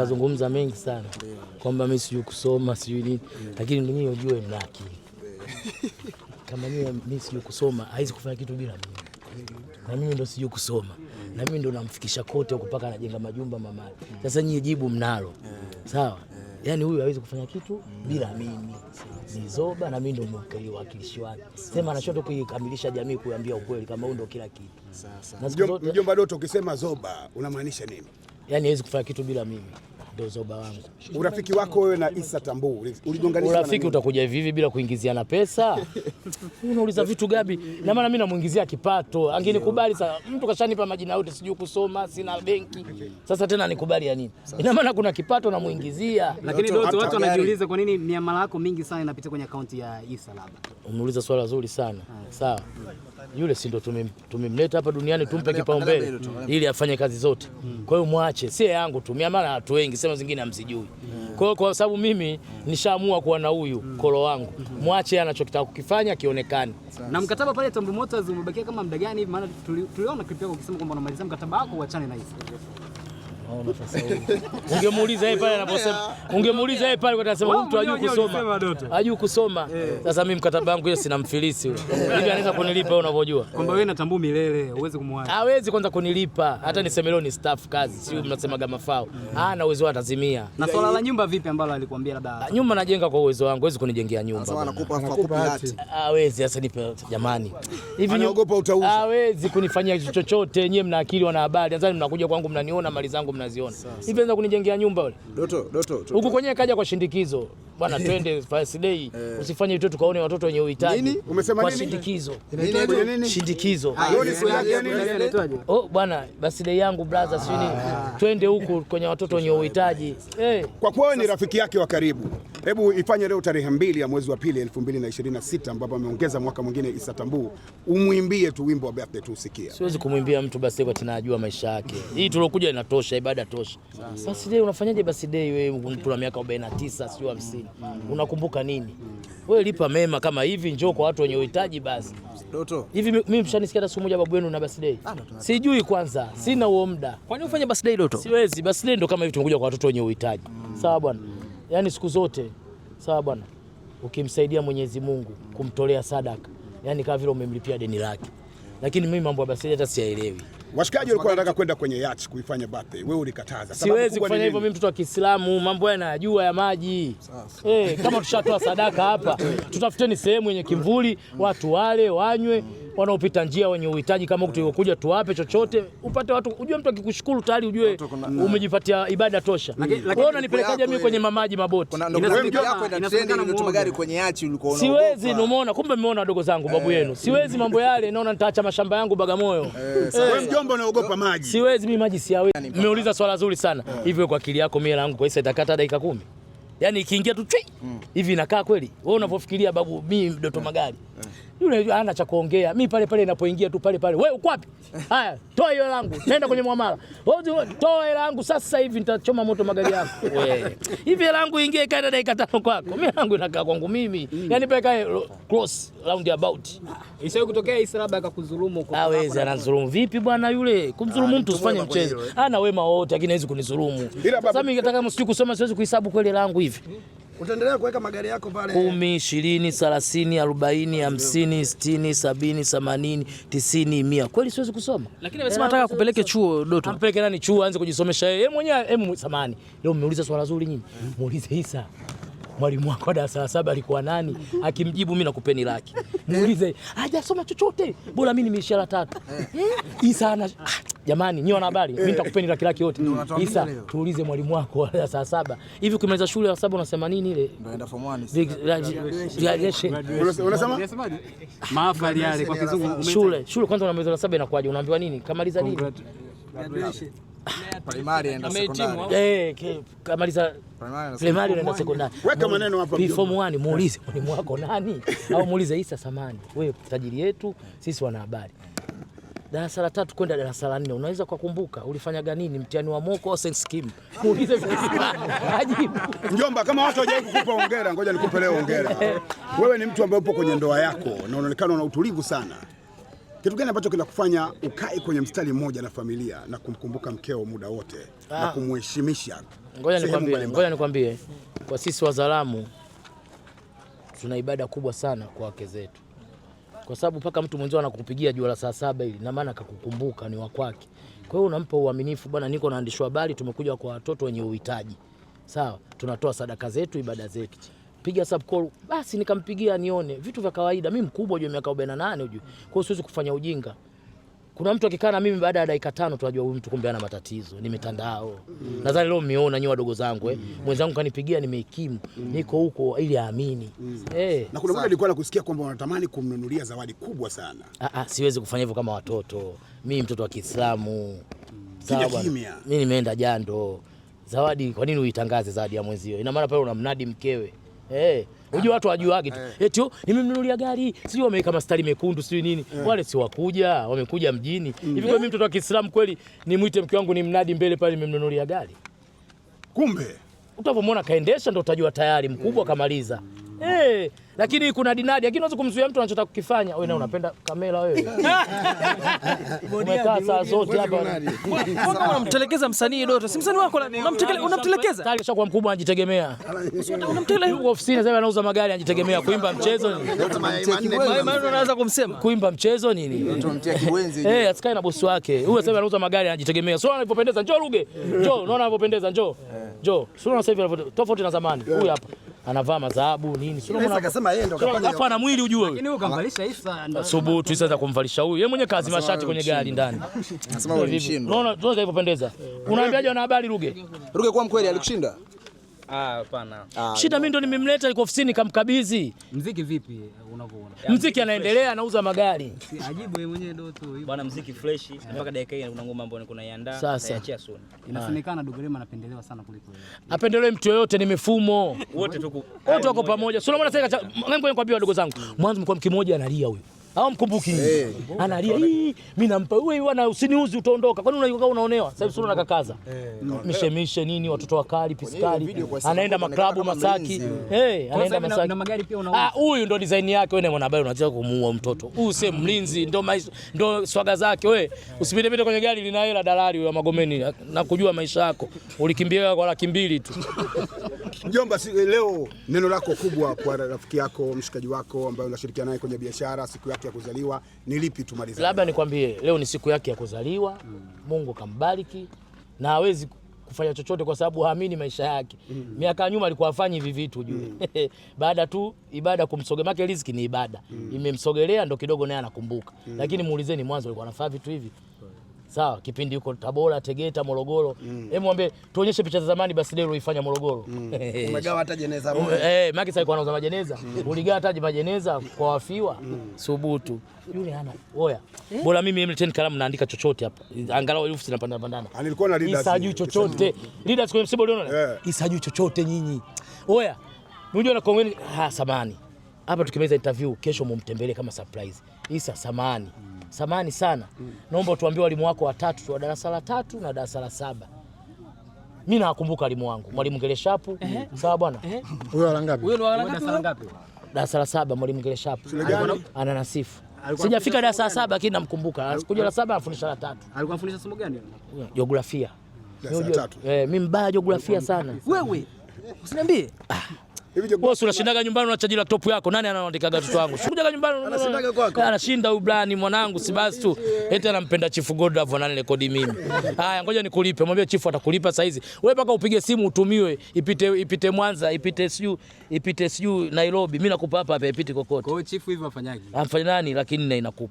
Kazungumza mengi sana kwamba mimi sijui kusoma sijui nini, lakini mimi ujue mna akili kama mimi sijui kusoma, haizi kufanya kitu bila mimi, na mimi ndo sijui kusoma, na mimi ndo namfikisha kote huko mpaka anajenga majumba mama. Sasa nyie jibu mnalo, sawa? yani huyu hawezi kufanya kitu bila mimi, ni zoba na mimi ndo mwakilishi wake, sema anachoto kuikamilisha jamii, kuambia ukweli kama huyu ndo kila kitu. Sasa Mjomba Doto, ukisema zoba unamaanisha nini? Yaani hawezi kufanya kitu bila mimi dozoba wangu. Urafiki wako wewe na isa Tambu uligonganisha? Urafiki utakuja hivi hivi bila kuingiziana pesa? Unauliza vitu Gabi, na maana mimi namuingizia kipato, angenikubali sasa. Mtu kashanipa majina yote, sijui kusoma, sina benki, sasa tena nikubali ya nini? Ina maana kuna kipato namuingizia. Lakini Doto, watu wanajiuliza kwa nini miamala yako mingi sana inapitia kwenye akaunti ya Isa, Labda umeuliza swala zuri sana, ah. sawa yule si ndo tumemleta hapa duniani, tumpe kipaumbele ili afanye kazi zote. Hmm. Kwa hiyo mwache, si yangu tu, mimi maana watu wengi sema zingine hamsijui. Hmm. Kwa hiyo kwa sababu mimi hmm. nishaamua kuwa na huyu kolo wangu, mwache anachokitaka kukifanya kionekane. Na mkataba pale Tombo Motors umebakia kama muda gani hivi? Maana tuliona clip yako ukisema kwamba unamaliza mkataba wako uachane na hizo Naona sasa hivi. Ungemuuliza yeye pale anaposema, ungemuuliza yeye pale atasema mtu hajui kusoma. Hajui kusoma. Eh. Sasa mimi mkataba wangu yeye sina mfilisi yule. Hivi anaweza kunilipa wewe unavyojua. Kwamba wewe natambua milele, huwezi kumwacha. Hawezi kwanza kunilipa. Hata niseme leo ni staff kazi, sio mnasema kama fao. Ah, na uwezo atazimia. Na swala la nyumba vipi ambalo alikuambia labda? Nyumba najenga kwa uwezo wangu, huwezi kunijengea nyumba. Sasa anakupa fakupa hati. Hawezi sasa nipe jamani. Hivi anaogopa utauza. Hawezi kunifanyia chochote, nyewe mna akili wana habari. Nadhani mnakuja kwangu mnaniona mali zangu mnaziona hivi, anza kunijengea nyumba yule Doto. Doto huku kwenye kaja kwa shindikizo bwana, twende first day eh. usifanye vitu tukaone watoto wenye uhitaji. Nini umesema nini? Shindikizo nini? Shindikizo ah, oh bwana, birthday yangu brother, sio nini, ah. twende huku kwenye watoto wenye uhitaji. eh. Kwa kuwa ni rafiki yake wa karibu Hebu ifanye leo tarehe mbili ya mwezi wa pili 2026 ambapo ameongeza mwaka mwingine Issa Tambuu, umwimbie tu wimbo wa birthday tu usikie. Siwezi kumwimbia mtu basi kwa tunajua maisha yake. Hii tulokuja inatosha, ibada tosha. Basi leo unafanyaje basi day wewe tuna miaka 49 sio 50. Unakumbuka nini? Wewe lipa mema kama hivi, njoo kwa watu wenye uhitaji basi. Doto. Hivi mimi mshanisikia siku moja babu wenu na birthday. Ah, sijui kwanza, sina huo muda. Kwani ufanye birthday Doto? Siwezi, birthday ndo kama hivi tumekuja kwa watoto wenye uhitaji. Sawa bwana yani siku zote sawa bwana, ukimsaidia Mwenyezi Mungu kumtolea sadaka, yani kama vile umemlipia deni lake. Lakini mimi mambo ya basi hata siyaelewi. Washikaji walikuwa wanataka kwenda kwenye yacht kuifanya birthday. Wewe ulikataza. Siwezi kufanya hivyo mimi mtoto wa Kiislamu, mambo yanayajua ya maji. Eh, kama tushatoa sadaka hapa, tutafuteni sehemu yenye kimvuli watu wale wanywe wanaopita njia wenye uhitaji kama huku tulikokuja, tuwape chochote, upate watu, ujue mtu akikushukuru tayari ujue umejipatia ibada tosha. Wewe unanipelekaje mimi kwenye mamaji maboti? Siwezi, umeona? Kumbe mmeona wadogo zangu, babu eh. yenu. Siwezi mambo yale, naona nitaacha mashamba yangu Bagamoyo. Eh, eh. Wewe mjomba, unaogopa maji? Siwezi mimi maji, siawezi. Yaani Mmeuliza swala zuri sana hivyo, kwa akili yako mimi langu kwa hisa itakata dakika kumi yaani ikiingia tu mm. hivi mm. inakaa kweli? Wewe unavyofikiria babu, mimi Doto Magari mm yule ana cha kuongea. Mimi pale pale ninapoingia tu pale pale, wewe uko wapi? Haya, toa hiyo langu, nenda kwenye mwamala. Wewe toa hela yangu sasa hivi, nitachoma moto magari yako Hivi hela yangu ingie kaenda dakika tano kwako, mimi yangu inakaa kwangu mimi, yani peka cross round about. Isiwe kutokea hisi labda akakudhulumu kwa hawezi. Anadhulumu vipi bwana yule? Kumdhulumu mtu usifanye mchezo, ana wema wote, lakini hawezi kunidhulumu. Sasa mimi nataka msiku kusoma, siwezi kuhesabu kweli langu yangu hivi utaendelea kuweka magari yako pale kumi, ishirini, thelathini, arobaini, hamsini, sitini, sabini, themanini, tisini, mia. Kweli siwezi kusoma, lakini amesema nataka kupeleke chuo. Doto ampeleke nani chuo? Aanze kujisomesha yeye mwenyewe. Hebu samani, leo mmeuliza swala zuri nyinyi, muulize Isa mwalimu wako darasa la saba alikuwa nani? Akimjibu mimi nakupeni laki. Muulize hajasoma chochote, bora mimi nimeishara tatu. Eh? Isa ana ah, jamani, nyie habari, mimi nitakupeni laki laki yote. Isa, tuulize mwalimu wako wa darasa la saba, hivi ukimaliza shule ya saba unasema nini? Ile unaenda form 1 unasema yale kwa kizungu. Shule shule kwanza, unamaliza la saba inakuwaje? Unaambiwa nini? Kamaliza nini? Primary anaenda sekondari. Eh, muulize mwalimu wako nani? Au muulize Isa Samani. Wewe tajiri yetu, sisi wanahabari. Darasa la tatu kwenda darasa la nne unaweza kukumbuka ulifanyaga nini mtihani wa moko au sense scheme? Muulize Njomba, kama watu hawajawahi kukupa hongera, ngoja nikupe leo hongera. Wewe ni mtu ambaye upo kwenye ndoa yako na unaonekana una utulivu sana. Kitu gani ambacho kinakufanya ukae kwenye mstari mmoja na familia na kumkumbuka mkeo muda wote ah, na kumheshimisha? Ngoja nikwambie, ngoja nikwambie, kwa sisi Wazalamu tuna ibada kubwa sana kwa wake zetu, kwa sababu mpaka mtu mwenzio anakupigia jua la saa saba hili na maana akakukumbuka ni wakwake. Kwa hiyo unampa uaminifu, bwana, niko na waandishi wa habari, tumekuja kwa watoto wenye uhitaji, sawa, tunatoa sadaka zetu, ibada zetu piga sub call. Basi nikampigia nione vitu vya kawaida. Mimi mkubwa hujua, miaka 48 ujue, kwa hiyo siwezi kufanya ujinga. Kuna mtu akikaa na mimi baada ya dakika tano tunajua huyu mtu kumbe ana matatizo, ni mitandao. Mm. Nadhani leo mmeona nyinyi wadogo zangu eh. Mm. Mwenzangu kanipigia nimehikimu. Mm. Niko huko ili aamini. Mm. Eh. Na kuna muda nilikuwa nakusikia kwamba wanatamani kumnunulia zawadi kubwa sana. Ah ah, siwezi kufanya hivyo kama watoto. Mimi mtoto wa Kiislamu. Sawa. Mimi nimeenda jando. Zawadi kwa nini uitangaze zawadi ya mwenzio? Ina maana pale una mnadi mkewe. Ah. Eh, unajua watu wajuage tu. Eti oh, nimemnunulia gari, sijui wameweka mastari mekundu, sijui nini. Eh. Wale si wakuja, wamekuja mjini. Mm. Hivi kwa mimi mtoto wa Kiislamu kweli nimuite mke wangu mnadi mbele pale nimemnunulia gari. Kumbe utavomwona kaendesha ndo utajua tayari mkubwa mm. kamaliza. Eh, lakini kuna dinadi, lakini unaweza kumzuia mtu anachotaka kukifanya. Wewe na unapenda kamera wewe. Umekaa saa zote hapa. Mbona unamtelekeza msanii Doto? Si msanii wako unamtelekeza. Tayari ashakuwa mkubwa anajitegemea. Unamtelekeza huko ofisini sasa anauza magari anajitegemea kuimba mchezo nini? Maana unaanza kumsema. Kuimba mchezo nini? Unamtia kiwenzi. Eh, asikae na bosi wake. Huyu sasa anauza magari anajitegemea. Sio anavyopendeza. Njoo Ruge. Njoo, unaona anavyopendeza. Njoo. Eh. Njoo. Sio sasa hivi tofauti na zamani. Huyu hapa anavaa madhahabu nini, ana mwili ujue. Lakini wewe kamvalisha Isa, ndio subutu Isa za kumvalisha huyu, yeye mwenyewe kazi mashati kwenye gari ndani. Unaona hivyo pendeza, unaambiaje? Wana habari Ruge, Ruge kwa mkweli alikushinda Ah, ah, Shida mimi ndo nimemleta iko ofisini kamkabidhi. Mziki vipi eh, unavyoona? Mziki anaendelea anauza magari. Ajibu yeye mwenyewe ndo tu. Bwana mziki fresh mpaka dakika hii kuna ngoma ambayo niko naiandaa naiachia soon. Inasemekana Dogo Dugurema anapendelewa sana kuliko yeye. Apendelewe mtu yoyote ni mifumo. Wote tuko wote wako pamoja. Sio unaona sasa ngombe nikwambia wadogo zangu. Mwanzo mko mkimoja analia huyo au mkumbuki hey. Analia hii mimi nampa wewe bwana, usiniuzi utaondoka. Kwani unaona unaonewa sasa sura nakakaza mishemishe nini, watoto wakali piskali, anaenda maklabu Masaki anaenda Masaki. Ah, huyu ndo design yake. Wewe mwanahabari unataka kumuua mtoto huyu, sema mlinzi ndo ndo swaga zake. we usipitepite kwenye gari lina hela dalali wa Magomeni, nakujua maisha yako, ulikimbia kwa laki mbili tu Mjomba, si eh, leo neno lako kubwa kwa rafiki yako mshikaji wako ambaye unashirikiana naye kwenye biashara, siku yake ya kuzaliwa ni lipi? Tumalize labda nikwambie, leo ni siku yake ya kuzaliwa mm. Mungu kambariki na hawezi kufanya chochote kwa sababu haamini maisha yake mm. Miaka ya nyuma alikuwa afanyi hivi vitu juu mm. baada tu ibada kumsogea make riziki ni ibada mm. Imemsogelea ndo kidogo naye anakumbuka mm. Lakini muulizeni mwanzo alikuwa anafaa vitu hivi Sawa, kipindi yuko Tabora, Tegeta, Morogoro. Mm. Hebu mwambie tuonyeshe picha za zamani basi leo uifanya Morogoro. mm. Eh. Umegawa hata jeneza moja. Eh, eh maki sasa anauza majeneza. Mm. Uligawa hata majeneza kwa wafiwa. Mm. Subutu. Yule hana. Oya. Eh? Bora mimi ten Kalamu naandika chochote hapa. Angalau elfu zinapanda pandana. Alikuwa na leaders. Isajui chochote. Leaders kwenye msiba uliona? Isajui chochote nyinyi. Oya. Unajua na kongeni. ha ah, samani. Hapa tukimaliza interview kesho mumtembelee kama surprise. Isa samani. Mm samani sana mm. Naomba utuambie walimu wako watatu wa darasa la tatu na darasa la saba. Mi nawakumbuka walimu wangu, mwalimu Geleshapu mm. Sawa bwana, huyo ana ngapi? Huyo ana ngapi? Darasa la saba, mwalimu Geleshapu nasifu sijafika darasa la saba lakini namkumbuka. kuja la saba anafundisha la tatu. Alikuwa anafundisha somo gani? Jiografia. Mimi eh, mbaya jiografia sana. Wewe usiniambie. Ah. Bosi unashindaga nyumbani unachaji laptop yako. Nani anaandikaga watoto wangu? Sikujaga nyumbani anashindaga kwako. Eh, anashinda huyu mwanangu si basi tu. Eti anampenda chifu Godlove rekodi mimi. Haya ngoja nikulipe. Mwambie chifu atakulipa saa hizi. Wewe paka upige simu utumiwe ipite ipite Mwanza, ipite siu, ipite siu Nairobi. Mimi nakupa hapa hapa ipite kokote. Kwa hiyo chifu hivi afanyaje? Afanya nani lakini na inakupa.